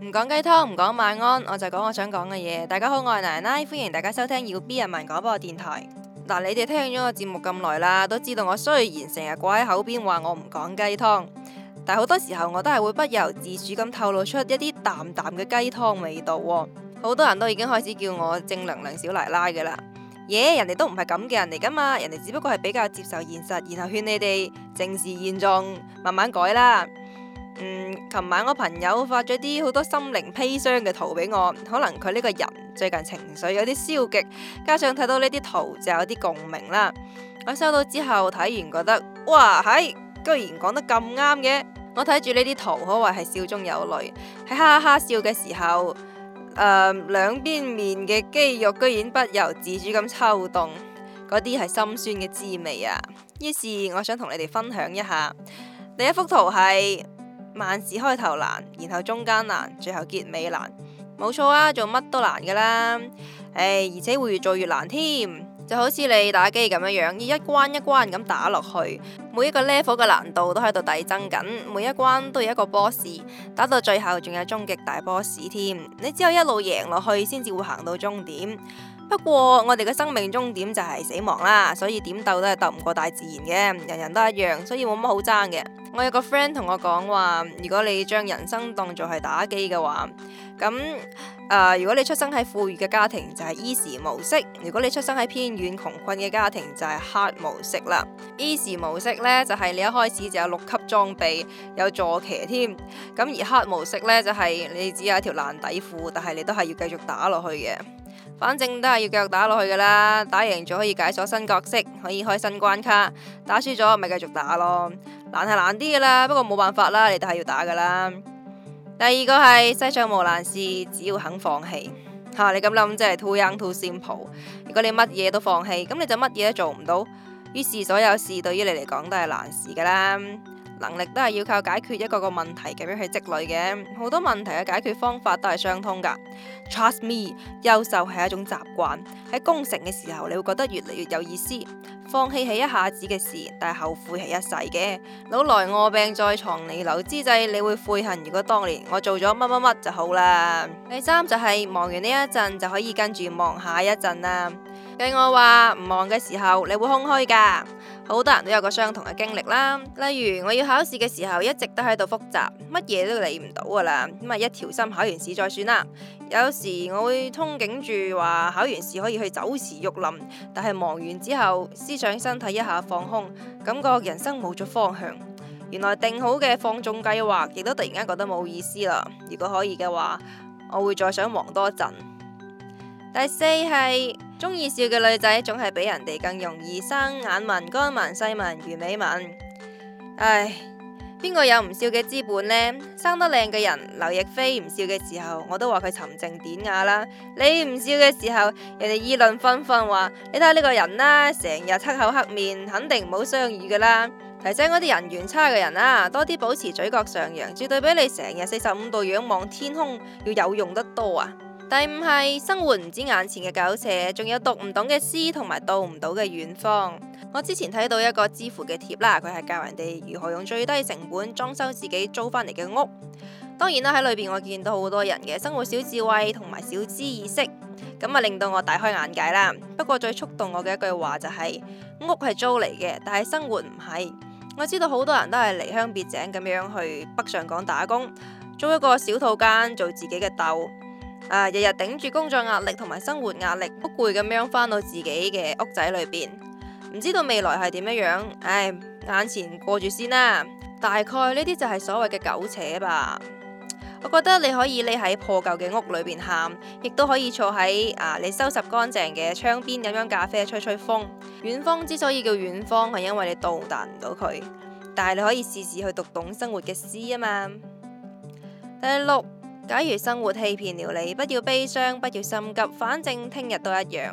唔講雞湯，唔講晚安，我就講我想講嘅嘢。大家好，我係奶奶，歡迎大家收聽要 B 人民廣播電台。嗱，你哋聽咗我節目咁耐啦，都知道我雖然成日掛喺口邊話我唔講雞湯，但好多時候我都係會不由自主咁透露出一啲淡淡嘅雞湯味道。好多人都已經開始叫我正能量小奶奶噶啦。耶，yeah，人哋都唔係咁嘅人嚟噶嘛，人哋只不過係比較接受現實，然後勸你哋正視現狀，慢慢改啦。嗯，琴晚我朋友發咗啲好多心靈砒霜嘅圖俾我，可能佢呢個人最近情緒有啲消極，加上睇到呢啲圖就有啲共鳴啦。我收到之後睇完覺得哇，係居然講得咁啱嘅。我睇住呢啲圖可謂係笑中有淚，喺哈哈笑嘅時候，誒，兩邊面嘅肌肉居然不由自主咁抽動，嗰啲係心酸嘅滋味啊。於是我想同你哋分享一下，第一幅圖係。萬事開頭難，然後中間難，最後結尾難，冇錯啊！做乜都難噶啦，唉、哎，而且會越做越難添。就好似你打機咁樣樣，要一關一關咁打落去，每一個 level 嘅難度都喺度遞增緊，每一關都有一個 boss，打到最後仲有終極大 boss 添。你只有一路贏落去，先至會行到終點。不過我哋嘅生命終點就係死亡啦，所以點鬥都係鬥唔過大自然嘅，人人都一樣，所以冇乜好爭嘅。我有個 friend 同我講話，如果你將人生當做係打機嘅話，咁誒、呃，如果你出生喺富裕嘅家庭就係 easy 模式，如果你出生喺偏遠窮困嘅家庭就係 hard 模式啦。easy 模式呢就係、是、你一開始就有六級裝備，有坐騎添，咁而 hard 模式呢，就係、是、你只有一條爛底褲，但係你都係要繼續打落去嘅。反正都係要繼續打落去噶啦，打贏咗可以解鎖新角色，可以開新關卡；打輸咗咪繼續打咯。難係難啲噶啦，不過冇辦法啦，你都係要打噶啦。第二個係世上無難事，只要肯放棄吓、啊。你咁諗真係 too young too simple。如果你乜嘢都放棄，咁你就乜嘢都做唔到。於是所有事對於你嚟講都係難事噶啦。能力都係要靠解決一個個問題咁樣去積累嘅，好多問題嘅解決方法都係相通噶。Trust me，優秀係一種習慣。喺攻城嘅時候，你會覺得越嚟越有意思。放棄係一下子嘅事，但係後悔係一世嘅。老來臥病在床彌留之際，你會悔恨如果當年我做咗乜乜乜就好啦。第三就係、是、忙完呢一陣就可以跟住忙下一陣啦。計我話，唔忙嘅時候你會空虛噶。好多人都有個相同嘅經歷啦，例如我要考試嘅時候一直都喺度複習，乜嘢都理唔到㗎啦，咁啊一條心考完試再算啦。有時我會憧憬住話考完試可以去走時鬱林，但係忙完之後思想身體一下放空，感覺人生冇咗方向。原來定好嘅放縱計劃亦都突然間覺得冇意思啦。如果可以嘅話，我會再想多忙多一陣。第四係。中意笑嘅女仔總係比人哋更容易生眼紋、乾紋、細紋、魚尾紋。唉，邊個有唔笑嘅資本呢？生得靚嘅人，劉亦菲唔笑嘅時候，我都話佢沉靜典雅啦。你唔笑嘅時候，人哋議論紛紛話：你睇下呢個人啦，啊，成日黑口黑面，肯定唔好相遇㗎啦。提醒我啲人緣差嘅人啦，啊，多啲保持嘴角上揚，絕對比你成日四十五度仰望天空要有用得多啊！第五係，生活唔止眼前嘅苟且，仲有讀唔懂嘅詩同埋到唔到嘅遠方。我之前睇到一個知乎嘅貼啦，佢係教人哋如何用最低成本裝修自己租翻嚟嘅屋。當然啦，喺裏邊我見到好多人嘅生活小智慧同埋小資意識，咁啊令到我大開眼界啦。不過最觸動我嘅一句話就係、是，屋係租嚟嘅，但係生活唔係。我知道好多人都係離鄉別井咁樣去北上廣打工，租一個小套間做自己嘅竇。啊！日日頂住工作壓力同埋生活壓力，好攰咁樣返到自己嘅屋仔裏邊，唔知道未來係點樣。唉，眼前過住先啦，啊。大概呢啲就係所謂嘅苟且吧。我覺得你可以匿喺破舊嘅屋裏邊喊，亦都可以坐喺啊你收拾乾淨嘅窗邊飲飲咖啡，吹吹風。遠方之所以叫遠方，係因為你到達唔到佢，但係你可以試試去讀懂生活嘅詩啊嘛。第六。假如生活欺騙了你，不要悲傷，不要心急，反正聽日都一樣。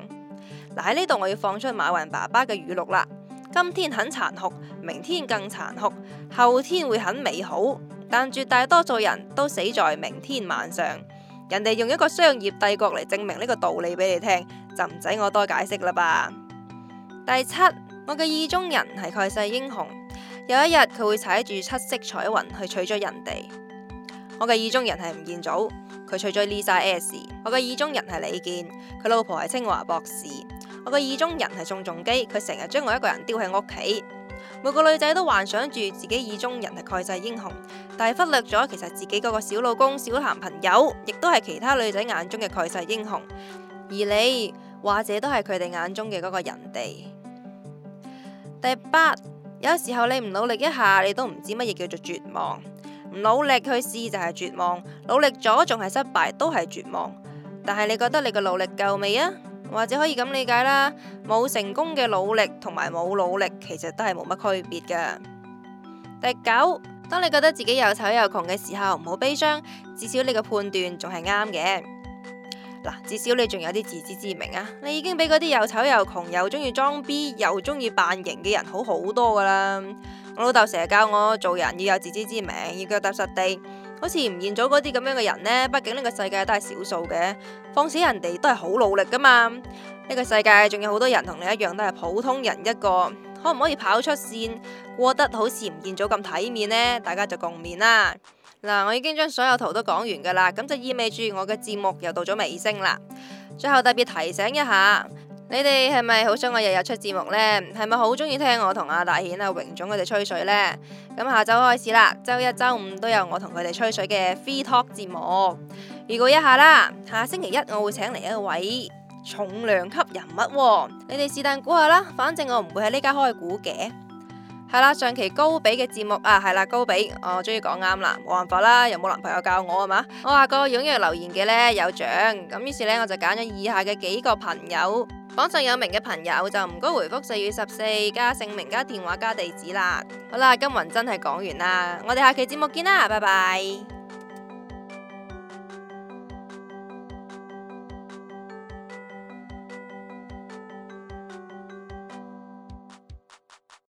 嗱，喺呢度我要放出馬雲爸爸嘅語錄啦。今天很殘酷，明天更殘酷，後天會很美好，但絕大多數人都死在明天晚上。人哋用一個商業帝國嚟證明呢個道理俾你聽，就唔使我多解釋啦吧。第七，我嘅意中人係蓋世英雄，有一日佢會踩住七色彩雲去娶咗人哋。我嘅意中人係吳彥祖，佢除咗 Lisa S。我嘅意中人係李健，佢老婆係清華博士。我嘅意中人係宋仲基，佢成日將我一個人丟喺屋企。每個女仔都幻想住自己意中人係蓋世英雄，但係忽略咗其實自己嗰個小老公、小男朋友，亦都係其他女仔眼中嘅蓋世英雄。而你或者都係佢哋眼中嘅嗰個人哋。第八，有時候你唔努力一下，你都唔知乜嘢叫做絕望。努力去試就係絕望，努力咗仲係失敗都係絕望。但係你覺得你個努力夠未啊？或者可以咁理解啦，冇成功嘅努力同埋冇努力其實都係冇乜區別噶。第九，當你覺得自己又醜又窮嘅時候，唔好悲傷，至少你個判斷仲係啱嘅。嗱，至少你仲有啲自知之明啊！你已經比嗰啲又醜又窮又中意裝逼又中意扮型嘅人好好多噶啦。我老豆成日教我做人要有自知之明，要腳踏實地。好似吳彥祖嗰啲咁樣嘅人呢，畢竟呢個世界都係少數嘅，況且人哋都係好努力噶嘛。呢個世界仲有好多人同你一樣都係普通人一個，可唔可以跑出線，過得好似吳彥祖咁體面呢？大家就共勉啦。嗱，我已經將所有圖都講完噶啦，咁就意味住我嘅節目又到咗尾聲啦。最後特別提醒一下。你哋係咪好想我日日出節目呢？係咪好中意聽我同阿大顯阿榮總佢哋吹水呢？咁下周開始啦，周一周五都有我同佢哋吹水嘅 free talk 節目。預告一下啦，下星期一我會請嚟一位重量級人物，哦。你哋試但估下啦，反正我唔會喺呢家開估嘅係啦。上期高比嘅節目啊，係啦高比，我終於講啱啦，冇辦法啦，有冇男朋友教我啊嘛。我話過踴躍留言嘅呢有獎咁，於是呢，我就揀咗以下嘅幾個朋友。榜上有名嘅朋友就唔該回覆四月十四加姓名加電話加地址啦。好啦，今晚真係講完啦，我哋下期節目見啦，拜拜。